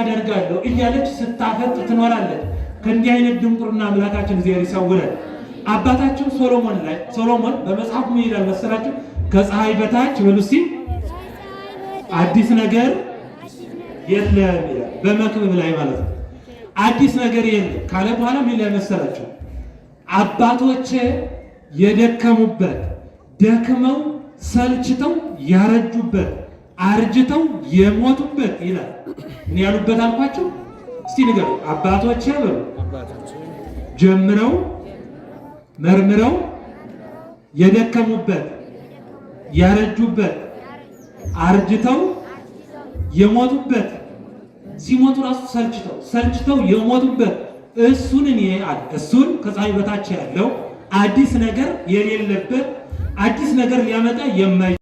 አደርጋለሁ እያለች ስታፈጥ ትኖራለች። ከእንዲህ አይነት ድንቁርና አምላካችን እግዚአብሔር ይሰውረን። አባታችን ሶሎሞን ላይ ሶሎሞን በመጽሐፉ ምን ይላል መሰላችሁ? ከፀሐይ በታች በሉሲ አዲስ ነገር የለም በመክብብ ላይ ማለት ነው። አዲስ ነገር የለም ካለ በኋላ ምን ላይ መሰላችሁ? አባቶቼ የደከሙበት ደክመው ሰልችተው ያረጁበት አርጅተው የሞቱበት ይላል። እኔ ያሉበት አልኳቸው። እስቲ ንገሩ አባቶች በሉ ጀምረው መርምረው የደከሙበት ያረጁበት አርጅተው የሞቱበት ሲሞቱ ራሱ ሰልችተው ሰልችተው የሞቱበት እሱን እኔ አለ እሱን ከፀሐይ በታች ያለው አዲስ ነገር የሌለበት አዲስ ነገር ሊያመጣ የማይ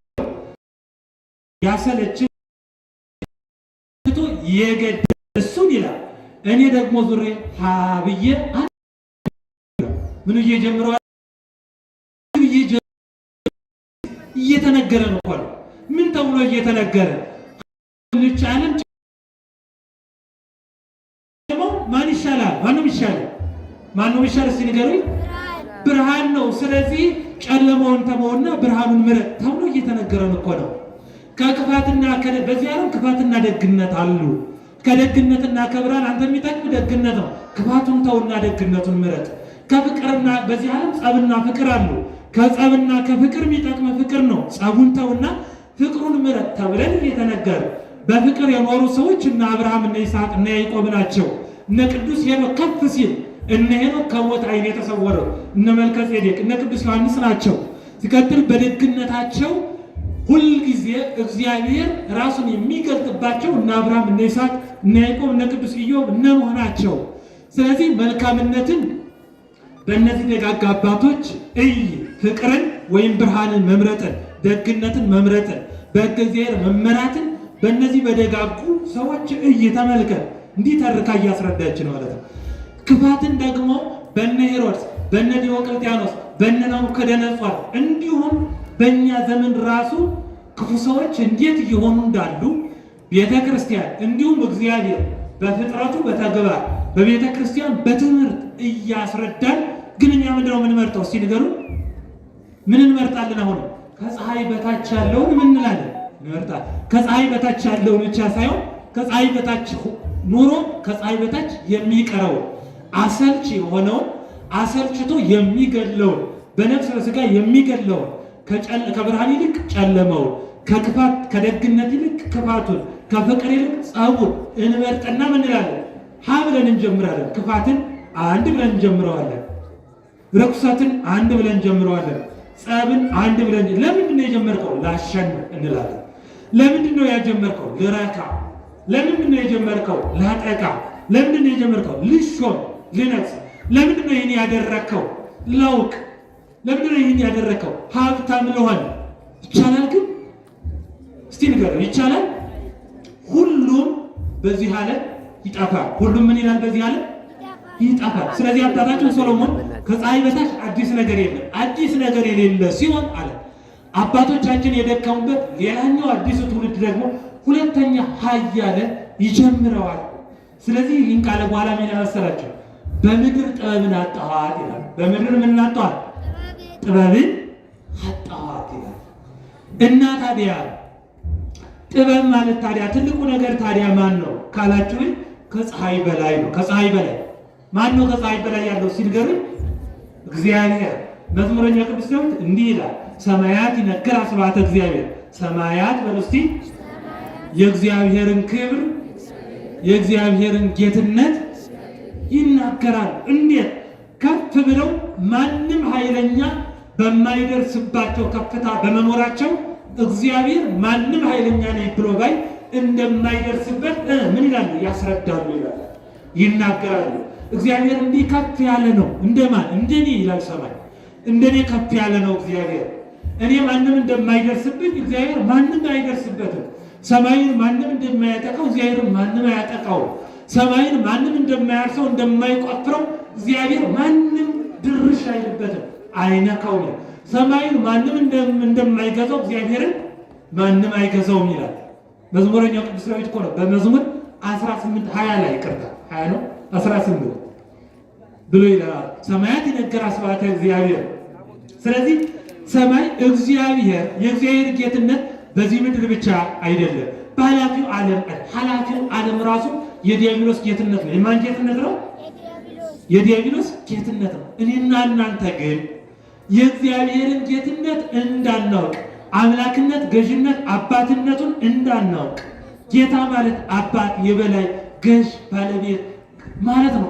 ያሰለች የገድ እሱን ይላል። እኔ ደግሞ ዙሬ ሀብዬ ምን እየጀምረው እየተነገረ ነው። ምን ተብሎ እየተነገረ ልቻለም ማን ይሻላል? ማንም ይሻላል። ማንም ይሻል እስኪ ብርሃን ነው። ስለዚህ ጨለማውን ተመውና ብርሃኑን ምረጥ ተብሎ እየተነገረን እኮ ነው። ከክፋትና በዚህ ዓለም ክፋትና ደግነት አሉ። ከደግነትና ከብርሃን አንተ የሚጠቅም ደግነት ነው። ክፋቱን ተውና ደግነቱን ምረጥ። ከፍቅርና በዚህ ዓለም ጸብና ፍቅር አሉ። ከጸብና ከፍቅር የሚጠቅም ፍቅር ነው። ጸቡን ተውና ፍቅሩን ምረጥ ተብለን የተነገረ በፍቅር የኖሩ ሰዎች እነ አብርሃም እነ ይስሐቅ እነ ያዕቆብ ናቸው። እነ ቅዱስ ሄኖክ ከፍ ሲል እነ ሄኖክ ከሞት ዓይን የተሰወረው እነ መልከ ጼዴቅ እነ ቅዱስ ዮሐንስ ናቸው። ሲቀጥል በደግነታቸው ሁልጊዜ እግዚአብሔር ራሱን የሚገልጥባቸው እነ አብርሃም፣ እነ ይስሐቅ፣ እነ ያዕቆብ፣ እነ ቅዱስ ኢዮብ እነ ኖህ ናቸው። ስለዚህ መልካምነትን በእነዚህ ደጋግ አባቶች እይ። ፍቅርን ወይም ብርሃንን መምረጥን፣ ደግነትን መምረጥን፣ በሕገ እግዚአብሔር መመራትን በእነዚህ በደጋጉ ሰዎች እይ፣ ተመልከት። እንዲህ ተርካ እያስረዳች ነው ማለት ነው። ክፋትን ደግሞ በነ ሄሮድስ፣ በነ ዲዮቅልጥያኖስ፣ በነ ናቡከደነጾር እንዲሁም በእኛ ዘመን ራሱ ክፉ ሰዎች እንዴት እየሆኑ እንዳሉ ቤተ ክርስቲያን እንዲሁም እግዚአብሔር በፍጥረቱ በተግባር በቤተ ክርስቲያን በትምህርት እያስረዳን ግን እኛ ምንድን ነው የምንመርጠው? እስቲ ንገሩ። ምን እንመርጣለን? አሁን ከፀሐይ በታች ያለውን ምን እንላለን? እንመርጣል። ከፀሐይ በታች ያለውን ብቻ ሳይሆን ከፀሐይ በታች ኑሮ ከፀሐይ በታች የሚቀረውን አሰልች የሆነውን አሰልችቶ የሚገለውን በነፍስ በስጋ የሚገለውን ከብርሃን ይልቅ ጨለመውን ከክፋት ከደግነት ይልቅ ክፋቱን ከፍቅር ይልቅ ጸቡን እንመርጥና ምንላለን? ሀ ብለን እንጀምራለን። ክፋትን አንድ ብለን እንጀምረዋለን። ርኩሰትን አንድ ብለን እንጀምረዋለን። ጸብን አንድ ብለን ለምንድን ነው የጀመርከው? ላሸንፍ እንላለን። ለምንድን ነው ያጀመርከው? ልረካ። ለምንድን ነው የጀመርከው? ላጠቃ። ለምንድን ነው የጀመርከው? ልሾም፣ ልነግስ። ለምንድን ነው ይህን ያደረከው? ለውቅ። ለምንድን ነው ይህን ያደረከው? ሀብታም ልሆን። ይቻላል ግን እስቲ ንገረው ይቻላል። ሁሉም በዚህ ዓለም ይጠፋል። ሁሉም ምን ይላል? በዚህ ዓለም ይጠፋል። ስለዚህ አባታችን ሰሎሞን ከፀሐይ በታች አዲስ ነገር የለም። አዲስ ነገር የሌለ ሲሆን አለ አባቶቻችን የደከሙበት ሌላኛው አዲሱ ትውልድ ደግሞ ሁለተኛ ሀያለ ይጀምረዋል። ስለዚህ ይህን ቃለ በኋላ ምን ያመሰላቸው በምድር ጥበብን አጣኋት ይላል። በምድር ምን አጣኋት? ጥበብን አጣኋት ይላል እና ታዲያ ጥበብ ማለት ታዲያ ትልቁ ነገር ታዲያ ማን ነው ካላችሁ ከፀሐይ በላይ ነው። ከፀሐይ በላይ ማን ነው? ከፀሐይ በላይ ያለው ሲልገር እግዚአብሔር መዝሙረኛ ቅዱስ ዳዊት እንዲህ ይላል፣ ሰማያት ይነገር አስባተ እግዚአብሔር። ሰማያት በሉ እስቲ የእግዚአብሔርን ክብር የእግዚአብሔርን ጌትነት ይናገራል። እንዴት ከፍ ብለው ማንም ኃይለኛ በማይደርስባቸው ከፍታ በመኖራቸው እግዚአብሔር ማንም ኃይለኛ ነኝ ብሎ ባይ እንደማይደርስበት ምን ይላሉ? ያስረዳሉ ይላል ይናገራሉ። እግዚአብሔር እንዲህ ከፍ ያለ ነው። እንደማን እንደኔ ይላል ሰማይ። እንደኔ ከፍ ያለ ነው እግዚአብሔር። እኔ ማንም እንደማይደርስብኝ እግዚአብሔር ማንም አይደርስበትም። ሰማይን ማንም እንደማያጠቃው እግዚአብሔር ማንም አያጠቃው? ሰማይን ማንም እንደማያርሰው እንደማይቆፍረው እግዚአብሔር ማንም ድርሽ አይልበትም፣ አይነካው ነው ሰማይን ማንም እንደማይገዛው እግዚአብሔርን ማንም አይገዛውም ይላል መዝሙረኛው ቅዱስ ዳዊት እኮ ነው። በመዝሙር 18 20 ላይ ይቅርታ 20 ነው 18 ብሎ ይላል ሰማያት ይነገር ስብሐተ እግዚአብሔር። ስለዚህ ሰማይ እግዚአብሔር የእግዚአብሔር ጌትነት በዚህ ምድር ብቻ አይደለም፣ በኃላፊው ዓለም ኃላፊው ዓለም ራሱ የዲያብሎስ ጌትነት ነው። የማን ጌትነት ነው? የዲያብሎስ ጌትነት ነው። እኔና እናንተ ግን የእግዚአብሔርን ጌትነት እንዳናውቅ፣ አምላክነት፣ ገዥነት፣ አባትነቱን እንዳናውቅ ጌታ ማለት አባት የበላይ ገዥ ባለቤት ማለት ነው።